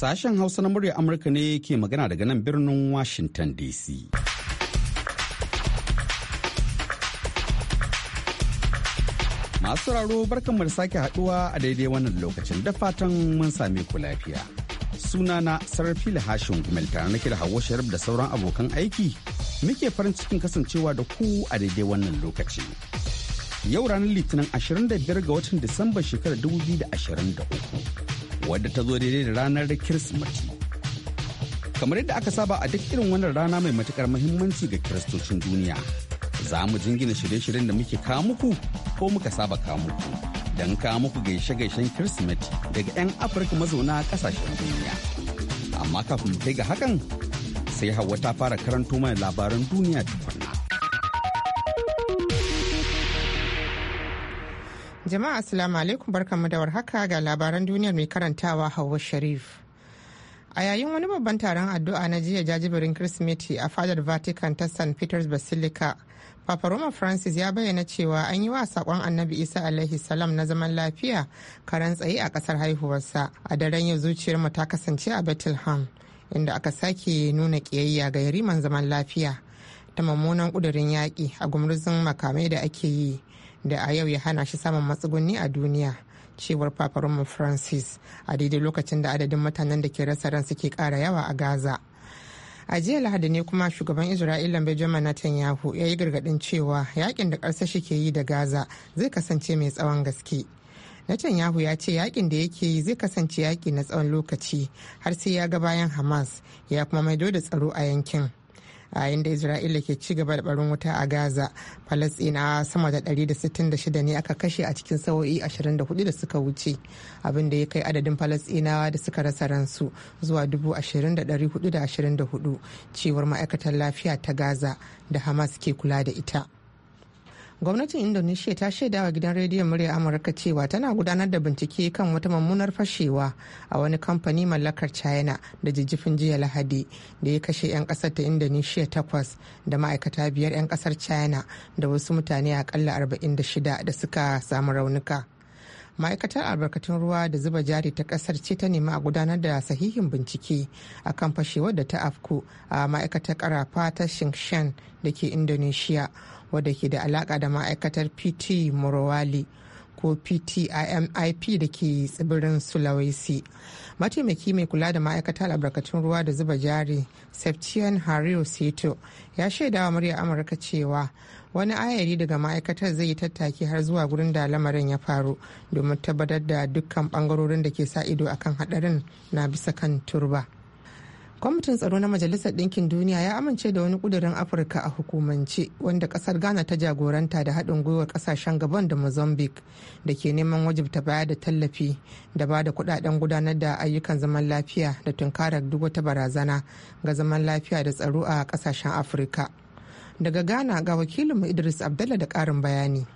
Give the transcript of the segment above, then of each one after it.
Sashen Hausa na murya Amurka ne ke magana daga nan birnin Washington DC. Masu raro barkanmu da sake haduwa a daidai wannan lokacin da fatan mun same ku lafiya. Sunana Sarrafi Hashin Gumel tare nake da Hawwa Sharif da sauran abokan aiki muke farin cikin kasancewa da ku a daidai wannan lokaci. Yau ranar Litinin 25 ga watan Disamba shekarar 2023. wadda ta zo daidai da ranar da Kirsimeti. Kamar yadda aka saba a duk irin wannan rana mai matukar muhimmanci ga kiristocin duniya. Za mu jingina shirye-shiryen da muke kawo muku ko muka saba kawo muku. Don kawo muku gaishe-gaishen Kirsimeti daga 'yan Afirka mazauna kasashen duniya. Amma kafin kai ga hakan sai Hauwa ta fara karanto mana labaran duniya tukunna. Jama'a Assalamu alaikum barkanmu da warhaka ga labaran duniyar mai karantawa Hauwa Sharif. A yayin wani babban taron addu'a na jiya jajibirin Kirsimeti a fadar Vatican ta St. Peter's Basilica, Papa Roma Francis ya bayyana cewa an yi wa saƙon Annabi Isa alaihi salam na zaman lafiya karan tsaye a ƙasar haihuwarsa. A daren yau zuciyar mu ta kasance a Bethlehem, inda aka sake nuna kiyayya ga yariman zaman lafiya ta mummunan ƙudurin yaƙi a gumurzin makamai da ake yi. da a yau ya hana shi samun matsugunni a duniya cewar paparoma francis a daidai lokacin da adadin mutanen da ke rasa ran suke kara yawa a gaza a jiya lahadi ne kuma shugaban isra'ila benjamin netanyahu ya yi gargadin cewa yakin da shi ke yi da gaza zai kasance mai tsawon gaske Netanyahu ya ce yakin da yake yi zai kasance yaki na tsawon lokaci har sai ya ga bayan Hamas ya kuma maido da tsaro a yankin. a inda isra'ila ke ci gaba da barin wuta a gaza falasina sama da 166 ne aka kashe a cikin sa'o'i 24 da suka wuce abin da ya kai adadin falastinawa da suka rasa ransu zuwa 20,424 cewar ma'aikatar lafiya ta gaza da hamas ke kula da ita gwamnatin indonesia ta shaidawa gidan rediyon murya amurka cewa tana gudanar da bincike kan wata mummunar fashewa a wani kamfani mallakar china da jijjifin jiya lahadi da ya kashe 'yan kasar ta indonesia takwas da ma'aikata biyar 'yan kasar china da wasu mutane akalla 46 da suka samu raunuka ma'aikatar albarkatun ruwa da zuba jari ta kasar ce ta nemi a gudanar da sahihin bincike akan fashewar da ta afku a ma'aikatar karafa ta shingshan da ke indonesia wadda ke da alaka da ma'aikatar pt morowali ko ptimip da ke tsibirin sulawesi mataimaki mai kula da ma'aikatar albarkatun ruwa da zuba jari septian hario seto ya shaida wa murya amurka cewa wani ayari daga ma'aikatar zai yi tattaki har zuwa gurin da lamarin ya faru domin tabbatar da dukkan bangarorin da ke sa ido akan hadarin na bisa kan turba. kwamitin tsaro na majalisar ɗinkin duniya ya amince da wani ƙudurin afirka a hukumance wanda ƙasar ghana ta jagoranta da haɗin gwiwar ƙasashen gabon da mozambique da ke neman wajib ta baya da tallafi da ba da kuɗaɗen gudanar da ayyukan zaman lafiya da tunkarar duk wata barazana ga zaman lafiya da tsaro a ƙasashen afirka daga ghana ga wakilinmu idris abdallah da ƙarin bayani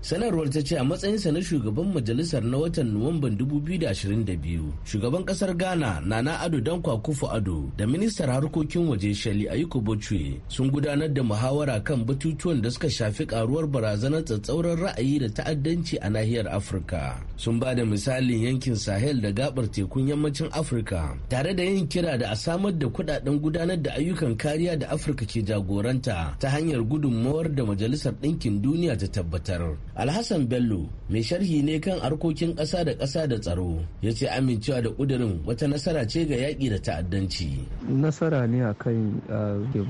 sanarwar ta ce a matsayinsa na shugaban majalisar na watan nuwamban 2022 shugaban kasar ghana na ado don kwakufu ado da ministar harkokin waje shali ayiko bochwe sun gudanar da muhawara kan batutuwan da suka shafi karuwar barazanar tsatsauran ra'ayi da ta'addanci a nahiyar afirka sun ba da misalin yankin sahel da gabar tekun yammacin afirka tare da yin kira da a samar da kudaden gudanar da ayyukan kariya da afirka ke jagoranta ta hanyar gudunmawar da majalisar ɗinkin duniya ta tabbatar alhassan bello mai sharhi ne kan harkokin kasa da kasa da tsaro ya ce amincewa da ƙudurin wata nasara ce ga yaƙi da ta'addanci nasara ne a kan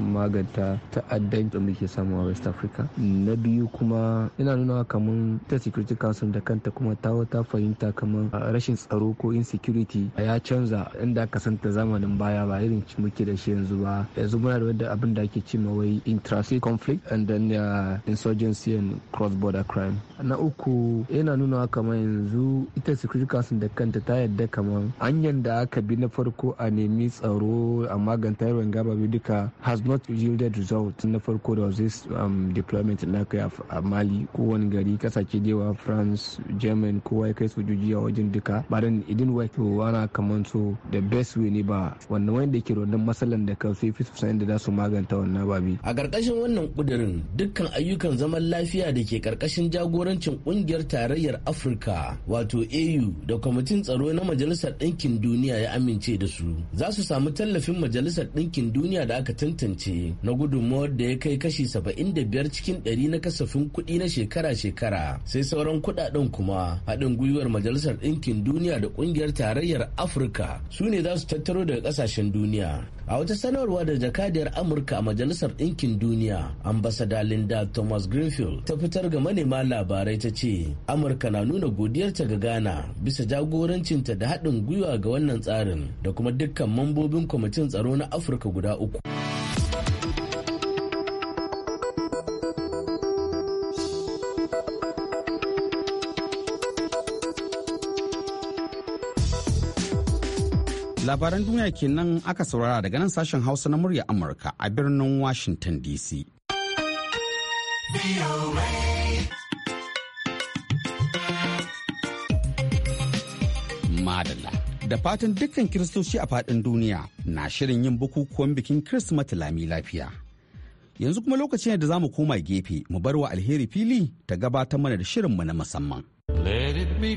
maganta ta'addanci da muke samu a west africa na biyu kuma ina nuna kamar ta security council da kanta kuma ta ta fahimta kamar rashin tsaro ko insecurity ya canza inda san ta zamanin baya ba irin muke da shi yanzu ba yanzu muna da wanda abin da ake cimma wai intrastate conflict and then uh, insurgency and cross border crime na uku yana nuna kamar yanzu ita security council da kanta ta yadda kamar hanyar da aka bi na farko a nemi tsaro a maganta yawan gaba duka has not yielded result na farko da this um, deployment na kai a mali kowane gari kasace dewa france german kowa ya kai sojoji a wajen duka ba dan idin wake wana kamar so the best way ne ba wannan da ke rundun matsalan da kan sai fi da za su maganta wannan babi a karkashin wannan kudirin dukkan ayyukan zaman lafiya da ke karkashin jagorancin kungiyar tarayyar afirka wato au da kwamitin tsaro na majalisar ɗinkin duniya ya amince da su za su samu tallafin majalisar ɗinkin duniya da aka tantance na gudunmawar da ya kai kashi saba'in da biyar cikin ɗari na kasafin kuɗi na shekara-shekara sai sauran kuɗaɗen kuma haɗin gwiwar majalisar ɗinkin duniya da kungiyar tarayyar afirka su ne za su tattaro daga ƙasashen duniya a wata sanarwa da jakadiyar amurka a majalisar ɗinkin duniya ambasada linda thomas greenfield ta fitar ga manema labarai ta ce amurka na nuna godiyarta ga ghana bisa jagorancinta da haɗin gwiwa ga wannan tsarin da kuma dukkan mambobin kwamitin tsaro na afirka guda uku. labaran duniya kenan aka saurara daga nan sashen hausa na murya amurka a birnin washington dc madalla da fatan dukkan kiristoci a faɗin duniya na shirin yin bukukuwan bikin kirsimati lami lafiya yanzu kuma lokaci ne da za mu koma gefe mu bar wa alheri fili ta gabatar mana da mu na musamman let it be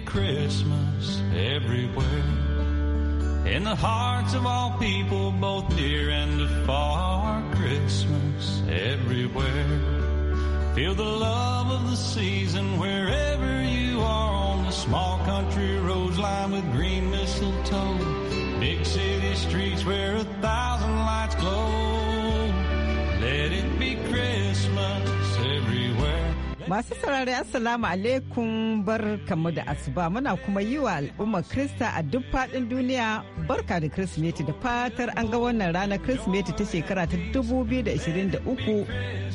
in the hearts of all people, both near and afar. Christmas everywhere. Feel the love of the season wherever you are on the small country roads lined with green mistletoe. Big city streets where a thousand Masu saurari Assalamu alaikum bar kamu da asuba muna kuma yi wa al'ummar Krista a duk faɗin duniya barka da Kirsimeti da fatar an ga wannan ranar Kirsimeti ta shekara ta 2023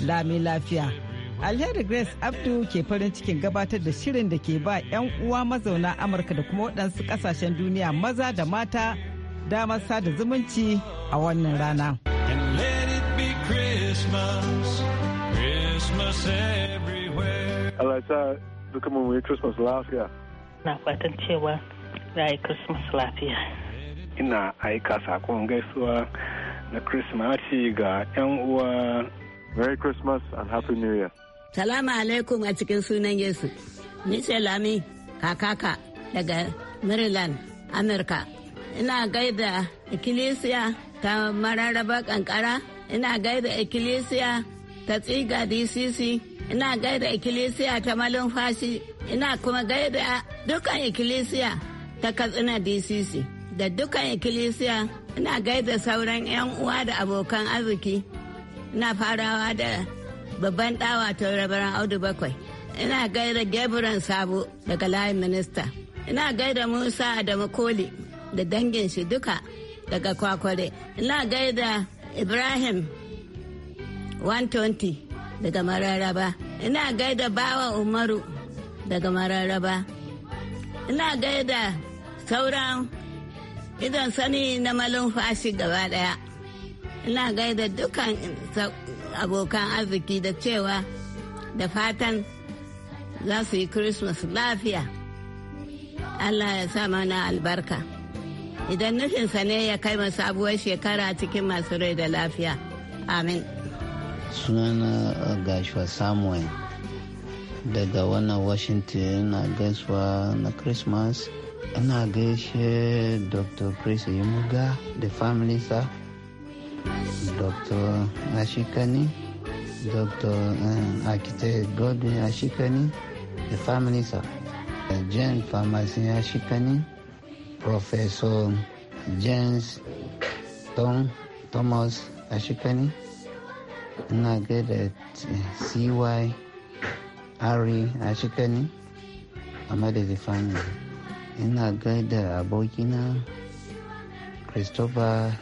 lami lafiya. Alheri Grace Abdu ke farin cikin gabatar da shirin da ke ba 'yan uwa mazauna Amurka da kuma waɗansu ƙasashen duniya maza da mata damar sada zumunci a wannan rana. Christmas, Christmas every Allah sa duka mu yi Christmas lafiya. Na fatan cewa za yi Christmas lafiya. Ina aika sakon gaisuwa na Christmas ga 'yan uwa. Merry Christmas and Happy New Year. Salamu alaikum a cikin sunan Yesu. Ni ce Lami Kakaka daga Maryland, Amurka. Ina gaida ikkilisiya ta mararraba kankara. Ina gaida ikkilisiya ta tsiga DCC. ina gaida ikkilisiya ta malumfashi ina kuma gaida dukkan ikkilisiya ta katsina dcc da dukkan ikkilisiya ina gaida sauran 'yan uwa da abokan arziki ina farawa da babban ɗawa ta rabaran audu bakwai ina gaida gebran sabo daga layin minista ina gaida musa da makoli da dangin shi duka daga kwakware ina gaida ibrahim 120 daga mararaba ina gaida bawa umaru daga mararaba ina gaida sauran idan sani na fashi gaba daya ina gaida dukkan abokan arziki da cewa da fatan za su yi christmas lafiya allah ya sa mana albarka idan nufinsa ne ya kai sabuwar shekara cikin masu rai da lafiya amin sunana gashwa samuel daga wannan washington na gaisuwa na christmas ina gaishe dr prince yimuga da sa dr ashikani dr eh, architect godwin ashikani da sa jane pharmacy ashikani professor james tom thomas ashikani ina gaida cy ari a shikani a madadifani ina gaida abokina christopher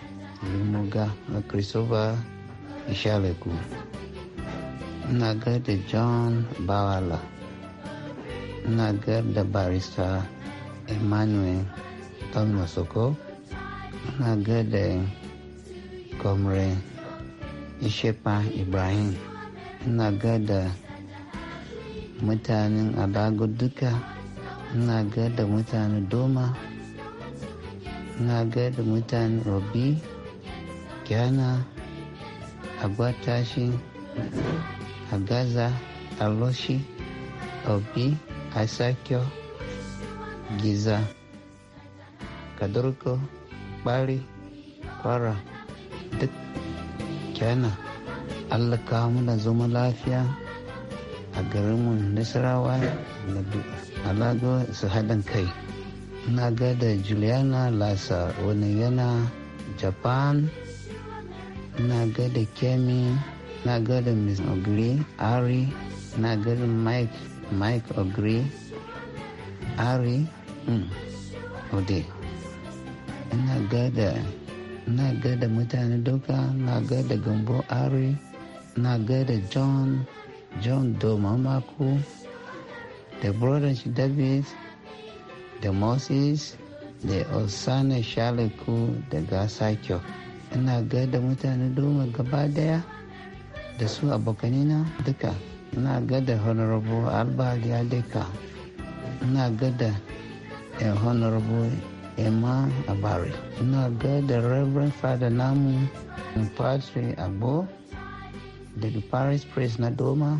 lumuga uh, christopher ishaleku good at john bawala ina gaida barista emmanuel tomnosoko good at comrade ishefa ibrahim ina gada mutanen adago duka ina gada mutanen doma ina gada mutanen robi gyana agbatashi agaza aloshi obi asakio giza kadurko bari kwara duk kenan allah kawo mu da zama lafiya a garinmu nasarawa da alago su haɗin kai na ga da juliana lasa wani yana japan na ga da kemi na ga da miss ogre ari na ga da mike mike ogre ari hmm, ode na ga da na ga da mutane duka na ga da gambo ari na ga da john john domamaku da brother david da moses da osana shaliku da gasa kyau ina ga da mutane doma gaba daya da su abokanina duka ina ga da honorable albali adeka ina ga da eh, honorable emma abari ina gaida reverend father namu patrick agbo daga paris press na doma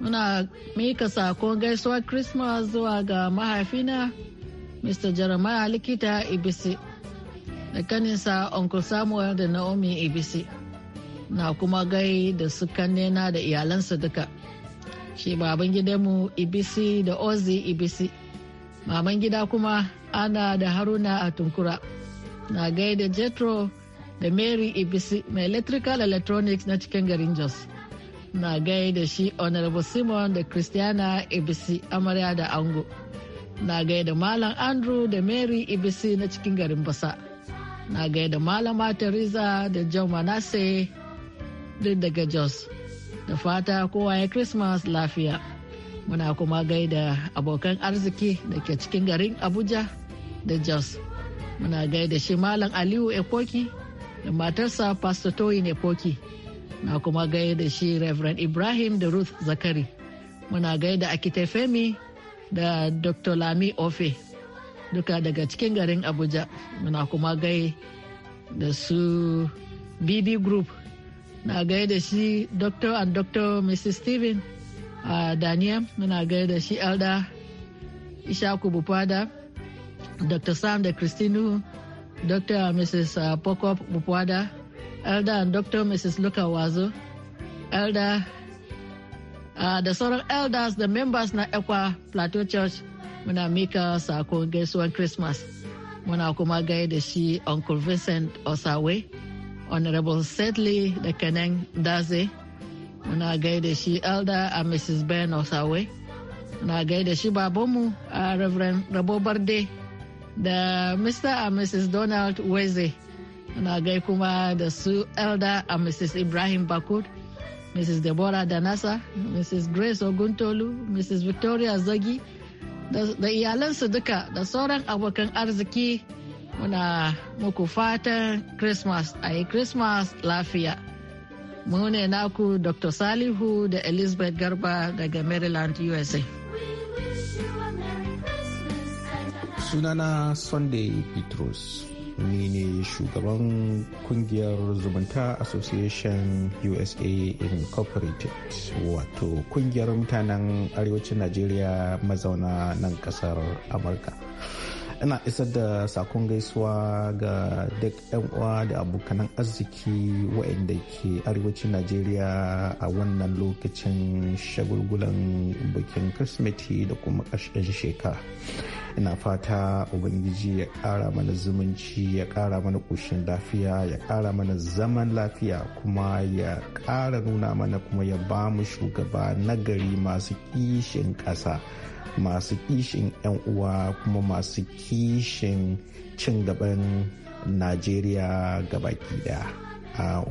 muna mika sakon gaisuwar christmas zuwa ga mahaifina mr jeremiah likita ibisi da kaninsa uncle samuel da naomi ibisi na kuma gai da su kannena da iyalansa duka shi baban gidanmu ibisi da ozi ibisi maman gida kuma ana da haruna a tunkura na gaida jetro da mary ibc mai electrical electronics na cikin garin jos na gaida shi honorable simon da christiana ibc amarya da ango na gaida malam andrew da mary ibc na cikin garin basa na gaida malama teresa da john manasse duk daga jos da fata kowa ya christmas lafiya muna kuma gaida abokan arziki da ke cikin garin abuja da jos muna gaida shi malam aliyu epoki da matarsa pastor toyin ekoki na kuma gaida shi reverend ibrahim da ruth zakari muna gaida akitefemi da dr lami ofe duka daga cikin garin abuja muna kuma gai da su bb group na gaida shi dr and dr mrs steven daniel muna gaida shi elda ishaku bufada dr sam da christine dr mrs uh, pokop bufada elda and dr mrs luka wazo elda da uh, sauran elders da members na ekwa plateau church muna mika sakon gaisuwan christmas muna kuma gaida shi uncle vincent osawe honorable sedley da kanan daze muna gaida shi elder a mrs ben osawe na gaida shi babanmu a uh, reverend rabo barde da mr a mrs donald weze na gai kuma da su elder a mrs ibrahim Bakur, mrs deborah danasa mrs grace oguntolu mrs victoria zagi da iyalansu duka da sauran abokan arziki muna muku fatan christmas a yi christmas lafiya Mu naku Dr. Salihu da Elizabeth Garba daga Maryland, USA. Sunana Sunday Petrus. ni ne shugaban kungiyar zumunta association usa incorporated wato kungiyar mutanen arewacin najeriya mazauna nan kasar amurka ina isar da sakon gaisuwa ga duk yan uwa da abokanan arziki waɗanda ke arewacin najeriya a wannan lokacin shagulgulan bikin kirsimeti da kuma ƙarshen shekara ina fata ubangiji ya ƙara mana zumunci ya ƙara mana kushin lafiya ya kara mana zaman lafiya kuma ya ƙara nuna mana kuma ya ba mu shugaba nagari masu kishin ƙasa masu kishin 'yan uwa kuma masu kishin cin gaban najeriya gabaki daya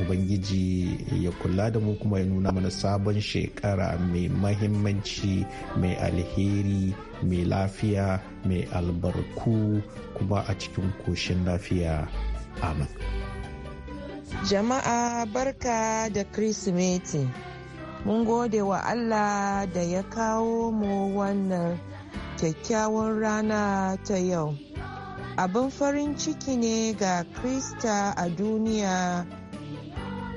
ubangiji ya kula da mu kuma ya nuna mana sabon shekara mai mahimmanci mai alheri mai lafiya mai albarku kuma a cikin koshin lafiya amin jama'a barka da kirsimeti mun gode wa allah da ya kawo mu wannan kyakkyawan rana ta yau abin farin ciki ne ga krista a duniya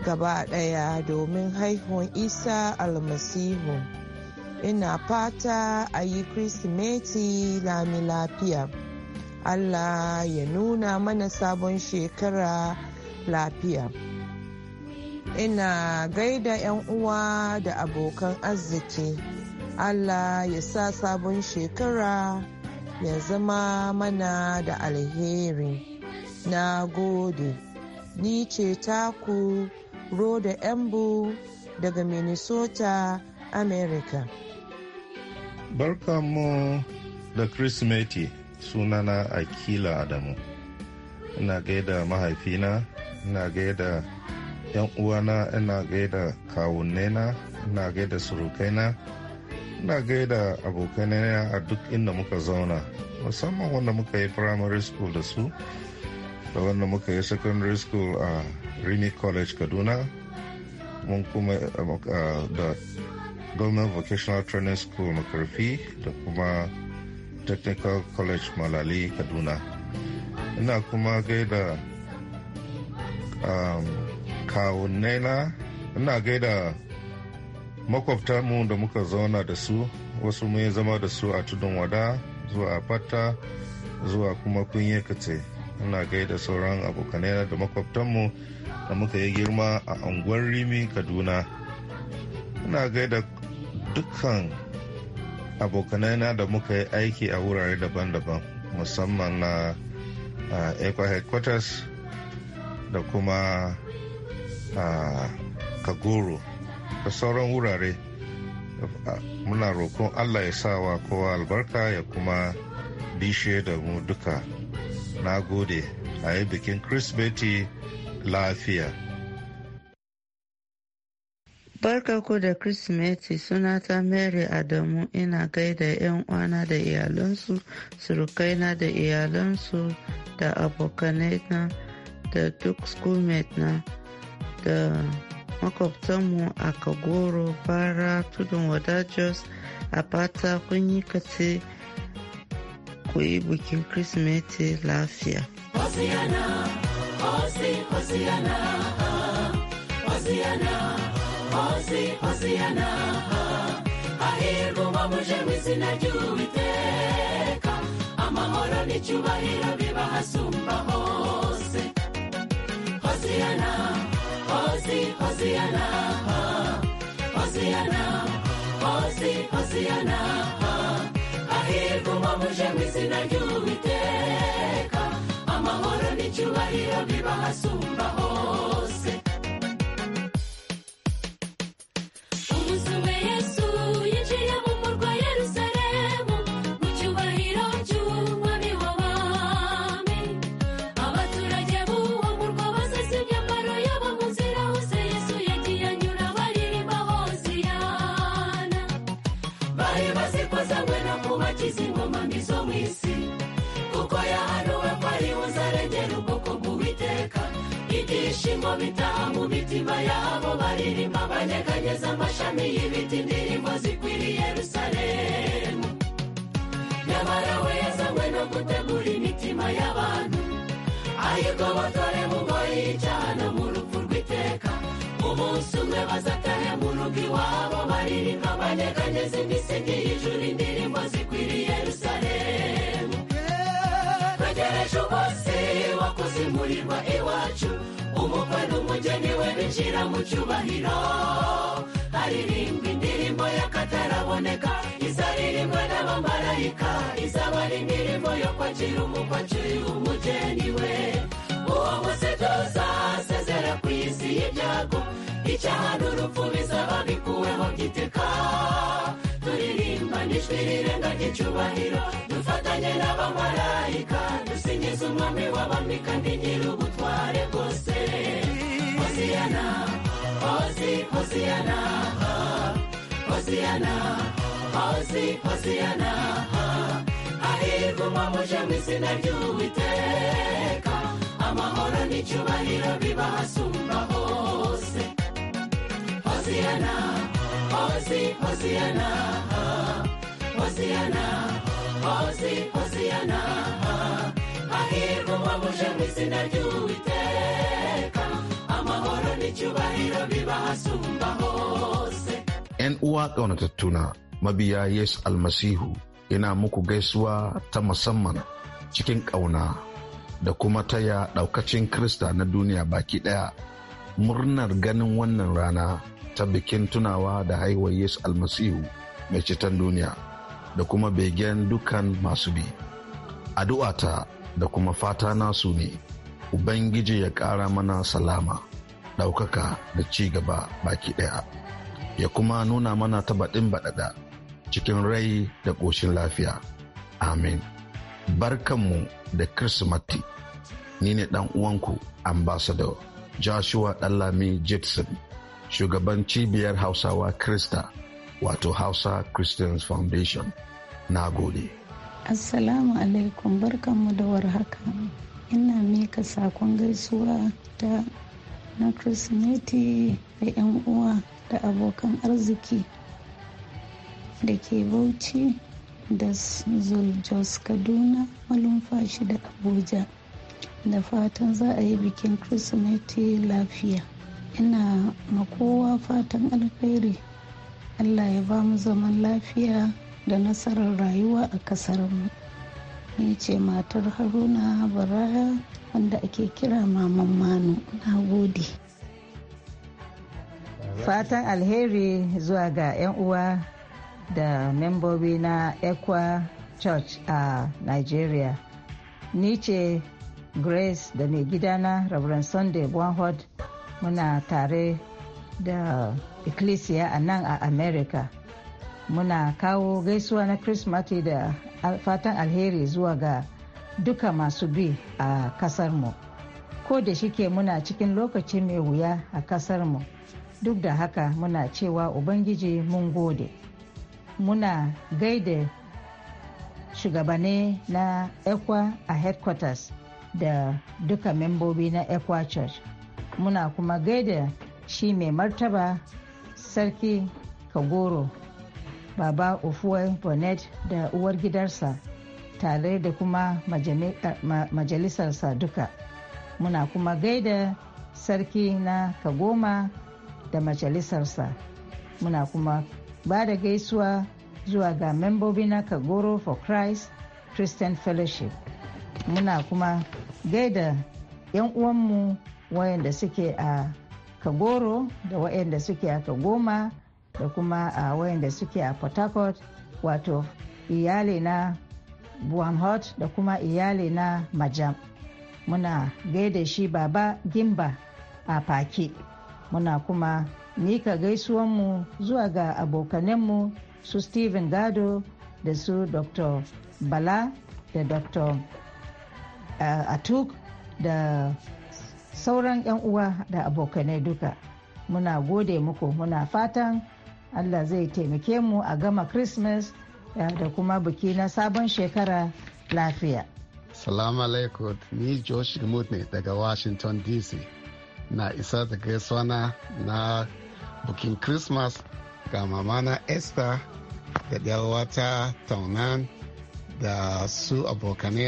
gaba ɗaya domin haihuwan isa almasihu ina fata a yi kirsimeti lami lafiya allah ya nuna mana sabon shekara lafiya ina gaida 'yan uwa da abokan arziki allah ya sa sabon shekara ya zama mana da alheri na gode ni ce taku roda embu daga minnesota america barkanmu da kirsimeti sunana akila adamu ina gaida mahaifina ina gaida 'yan uwana ina gaida kawunnena ina gaida surukaina ina gaida abokaina a duk inda muka zauna musamman wanda muka yi primary school da su da wanda muka yi secondary school a rini college kaduna mun kuma da government vocational training school makarfi da kuma technical college malali kaduna ina kuma gaida um, kawunaina ina gaida makwabtanmu da muka zauna da su wasu mun zama da su a tudun wada zuwa fata zuwa kuma kunye kace ina gaida sauran abokanai da makwabtanmu da muka yi girma a unguwar rimi kaduna ina gaida dukkan abokanaina da muka yi aiki a wurare daban-daban musamman na eco uh, headquarters da kuma a kagoro da sauran wurare muna roƙon allah ya sawa kowa albarka ya kuma bishe da mu duka na gode a yi bikin kirsimeti lafiya Barka da Kirsimeti sunata Mary Adamu ina gaida 'yan uwana da iyalansu, surukaina da iyalansu da abokanai na da duk schoolmate na da makwabtanmu a kagoro bara tudun wada a fata kun yi kace ku yi bikin kirsimeti lafiya Hosiana, Hosiana, Hosiana, hasumba hose Hosiana, Hosiana, Hosi, Hosiana, hahirwa umuntu uje mu izina ry'Uwiteka, amahoro n'icyubahiro biba hasumba hose. bitaha mu mitima yabo baririmba banyeganyeza amashami y'ibiti indirimbo zikwiriye yerusalemu nyamara we yazanywe no gutegura imitima y'abantu ayigobotore mu ngoyi y'icyaha no mu rupfu rw'iteka umunsi umwe bazatahe mu rugo iwabo baririmba banyeganyeza imisingi y'ijuru indirimbo zikwiriye yerusalemu twegereje umunsi wo kuzimurirwa niwe bishyira mu cyubahiro haririmbwa indirimbo y'akataraboneka izaririmbwa n'abamarayika izaba ari indirimbo yo kwakira umukwakira umugeni we uwo musedoza asezera ku isi y'ibyago icyaha n'urupfu bizaba bikuweho giteka turirimba n'ijwi rirenganya icyubahiro dufatanye n'abamarayika dusingiza umwami w'abami kandi nyir'ubutware bwose Hosiana, Hosi, Hosiana, Hosiana, Hosi, Hosiana, hahirwa umuje mu izina ry'Uwiteka, amahoro n'icyubahiro bibahasumba hose. Hosiana, Hosi, Hosiana, Hosiana, Hosi, Hosiana, hahirwa umuje mu izina ‘yan uwa ƙaunatattuna mabiya yesu almasihu ina muku gaisuwa ta musamman cikin ƙauna da kuma taya ɗaukacin krista na duniya baki ɗaya murnar ganin wannan rana ta bikin tunawa da haihuwar yesu almasihu mai citan duniya da kuma begen dukan masu bi addu'ata da kuma fata nasu ne ubangiji ya ƙara mana salama ɗaukaka da ci gaba baki ɗaya ya kuma nuna mana ta baɗin baɗaɗa cikin rai da ƙoshin lafiya amin barkanmu da kirsimati ni ne ɗan uwanku ambassador joshua ɗallami jitson shugaban cibiyar hausawa krista wato hausa christians foundation na gode assalamu alaikum barkanmu da warhaka ina mika sakon gaisuwa ta na kirsimeti da 'yan uwa da abokan arziki da ke bauchi da zuljos kaduna malumfashi da abuja da fatan za a yi bikin kirsimeti lafiya ina ma kowa fatan alkhairi allah ya ba mu zaman lafiya da nasarar rayuwa a mu. ni ce matar haruna baraya wanda ake kira maman manu na gode fatan alheri zuwa ga 'yan uwa da membobi na ekwa church a nigeria ni ce grace da mai gidana reverend sunday bonhod muna tare da ecclesia a nan a america muna kawo gaisuwa na christmas da fatan alheri zuwa ga duka masu bi a kasar mu. Ko da shike muna cikin lokaci mai wuya a kasar mu duk da haka muna cewa Ubangiji mun gode. Muna gaida shugabane na ekwa a headquarters da duka membobi na ekwa church muna kuma gaida shi mai martaba sarki kagoro baba ofuwan bonnet da uwar gidarsa tare da kuma eh, majalisarsa duka muna kuma gaida sarki na kagoma da majalisarsa muna kuma ba da gaisuwa zuwa ga membobi na kagoro for christ christian fellowship muna kuma gaida 'yan uwanmu wayanda suke a kagoro da wayanda suke a kagoma da kuma a wayanda suke a port harcourt wato iyali na buam da kuma iyali na majam muna gaida shi baba gimba a fake muna kuma mika gaisuwanmu zuwa ga abokanenmu su steven gado da su dr bala da dr uh, atuk da sauran 'yan uwa da abokanai duka muna gode muku muna fatan allah zai taimake mu a gama christmas eh, da kuma biki na sabon shekara lafiya salamu alaikum ni josh gmut ne daga washington dc na isa da gaisuwa na bukin christmas ga mamana esther da ɗawata taunan da su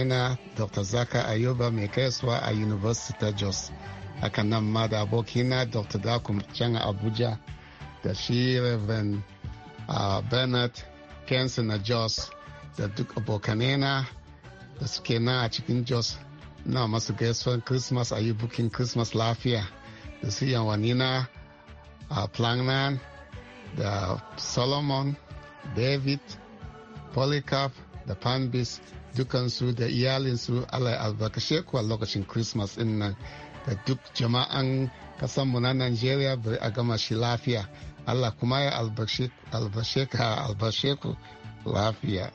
na dr zaka ayuba mai kaiswa a university ta jos hakan nan ma da abokina dr dakum can abuja da shi Reverend uh, Bernard Kensin na Jos da duk abokanena da suke na a cikin Jos na masu gaisuwan Christmas a yi bukin Christmas lafiya da su yawanina a uh, da Solomon, David, Polycarp da Panbis dukansu da iyalinsu Allah albarkashe a lokacin Christmas in nan da duk jama'an kasanmu na Najeriya bari a gama shi lafiya. Allah kuma ya albashe ka albashe ku lafiya.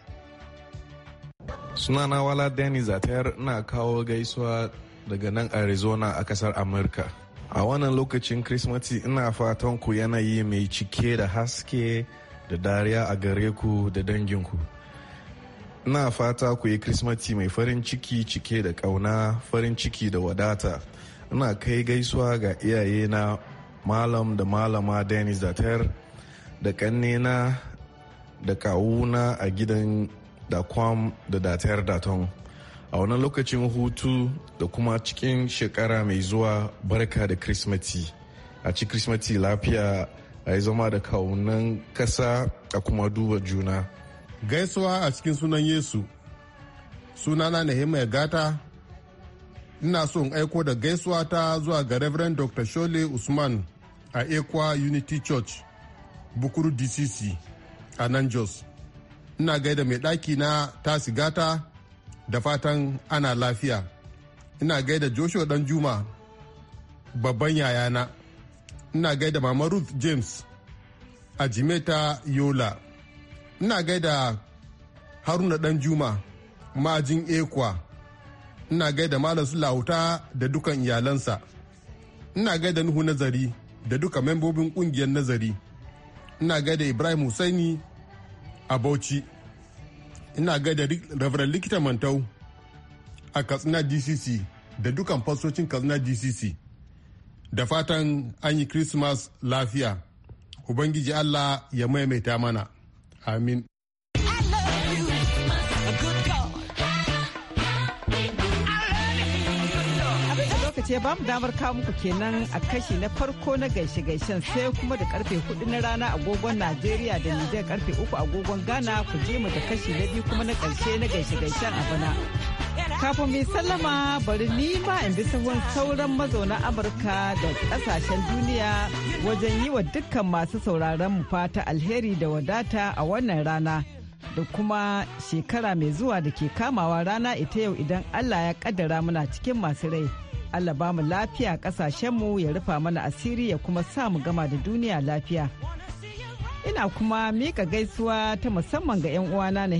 Suna na Wala Danny Zatayar na kawo gaisuwa daga nan Arizona a kasar Amurka. A wannan lokacin Kirsimati ina fatan ku yanayi mai cike da haske da dariya a gare ku da danginku. Ina fata ku yi Kirsimati mai farin ciki cike da ƙauna, farin ciki da wadata. Ina kai gaisuwa ga iyaye na malam da malama denis Dater da kannena da kawuna a gidan dakwam da Dater Daton. A wannan lokacin hutu da kuma cikin shekara mai zuwa barka da krismati A ci krismati lafiya a yi zama da kawunan kasa a kuma duba juna. Gaisuwa a cikin sunan Yesu. Sunana na ya Gata ina so in aiko da gaisuwa ta zuwa ga Reverend Dr. Shole Usman a Ekwa Unity Church Bukuru DCC a nan Jos. Ina gaida mai ɗaki na sigata da fatan ana lafiya. Ina gaida Joshua juma babban yayana. Ina gaida Mama Ruth James a Jimeta Yola. Ina gaida Haruna juma ma'ajin Ekwa. Ina gaida Malam Sulawuta da dukan iyalansa. Ina gaida Nuhu Nazari. da duka membobin kungiyar nazari ina gaida ibrahim husaini a bauchi ina gaida reverend likita mantau a katsina dcc da dukan fasocin katsina dcc da fatan an yi christmas lafiya ubangiji allah ya maimaita mana amin ce ba mu damar kawo muku kenan a kashi na farko na gaishe-gaishen sai kuma da karfe hudu na rana agogon Najeriya da Nijar karfe uku agogon Ghana ku je mu da kashi na biyu kuma na karshe na gaishe-gaishen a bana. Kafin mai sallama bari ni ma in bi sahun sauran mazauna Amurka da kasashen duniya wajen yi wa dukkan masu sauraron mu fata alheri da wadata a wannan rana. da kuma shekara mai zuwa da ke kamawa rana ita yau idan Allah ya kaddara muna cikin masu rai. Allah ba mu lafiya mu ya rufa mana asiri ya kuma sa mu gama da duniya lafiya. Ina kuma mika gaisuwa ta musamman ga 'yan uwana na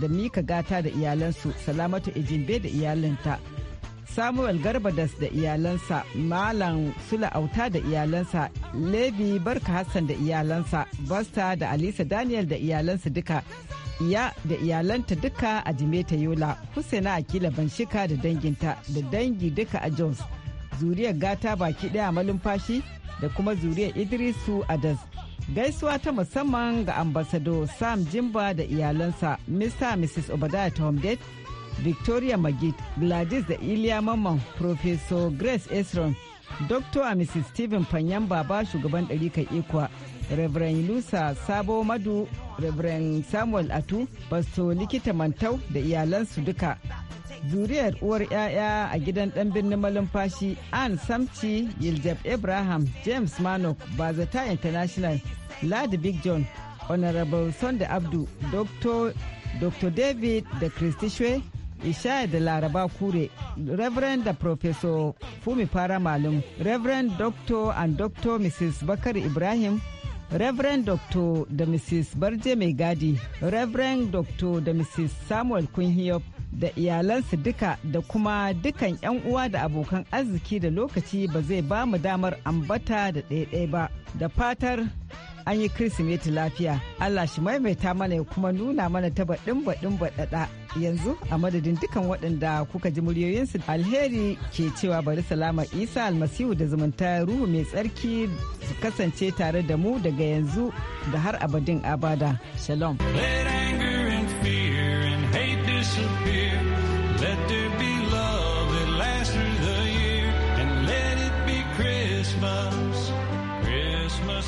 da mika gata da iyalansu, Salamatu ijimbe da iyalinta. samuel garbadas da iyalansa malam sula auta da iyalansa levi barka hassan da iyalansa basta da alisa daniel da iyalansa duka iya da iyalanta duka a jimeta yola husaina akila banshika da danginta da dangi duka a jones zuriyar gata baki daya malumfashi da kuma zuriyar idrisu adas gaisuwa ta musamman ga ambasado sam jimba da iyalansa mr mrs obadiah tomdate victoria magid gladys da iliya mamman professor grace esron dr mrs stephen panyan baba shugaban ɗarikar ikwa reverend lusa sabo madu reverend samuel atu basto likita mantau da iyalansu duka zuriyar uwar 'ya'ya a gidan ɗan birnin malumfashi an samci yiljab abraham james manok bazata international ladi big john honorable sunday abdu dr david da christy Ishaya da Laraba Kure, Reverend da Professor Fumi Fara Malum, Reverend Dr. and Dr. Mrs. Bakar Ibrahim, Reverend Dr. da Mrs. Barje Mai Gadi, Reverend Dr. da Mrs. Samuel Kunhiyop da iyalansa duka da kuma dukan 'yan uwa da abokan arziki da lokaci ba zai ba mu damar ambata da ɗaiɗai ba. Da fatar an yi Kirsimeti lafiya, Allah shi maimaita mana ya kuma nuna mana ta baɗin baɗin baɗaɗa. yanzu a madadin dukan waɗanda kuka ji muryoyinsu alheri ke cewa bari salama isa almasihu da zumunta ruhu mai tsarki su kasance tare da mu daga yanzu da har abadin abada shalom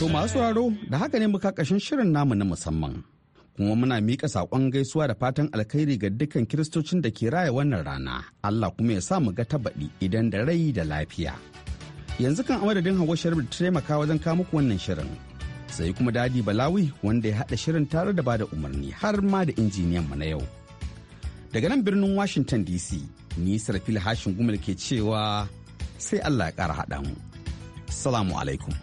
To masu raro da haka ne muka kashin shirin namu na musamman. kuma muna mika sakon gaisuwa da fatan alkhairi ga dukkan kiristocin da ke raya wannan rana Allah kuma ya sa mu ga tabaɗi idan da rai da lafiya yanzu kan amadadin hawa sharif da taimaka wajen kawo muku wannan shirin sai kuma dadi balawi wanda ya haɗa shirin tare da bada umarni har ma da injiniyan mu na yau daga nan birnin washington dc ni sarfil hashin gumal ke cewa sai allah ya ƙara haɗa mu salamu alaikum